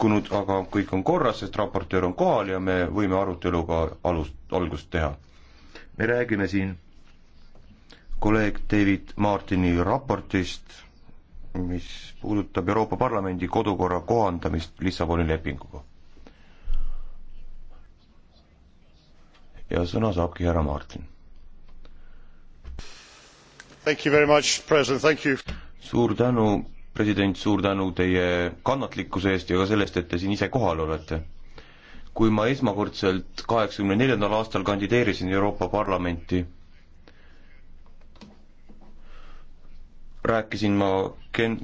sekkunud, aga kõik on korras, sest raportöör on kohal ja me võime aruteluga alust, algust teha. me räägime siin kolleeg David Martini raportist, mis puudutab Euroopa Parlamendi kodukorra kohandamist Lissaboni lepinguga. ja sõna saabki härra Martin. suur tänu, president, suur tänu teie kannatlikkuse eest ja ka sellest, et te siin ise kohal olete. kui ma esmakordselt kaheksakümne neljandal aastal kandideerisin Euroopa Parlamenti, rääkisin ma Ken-,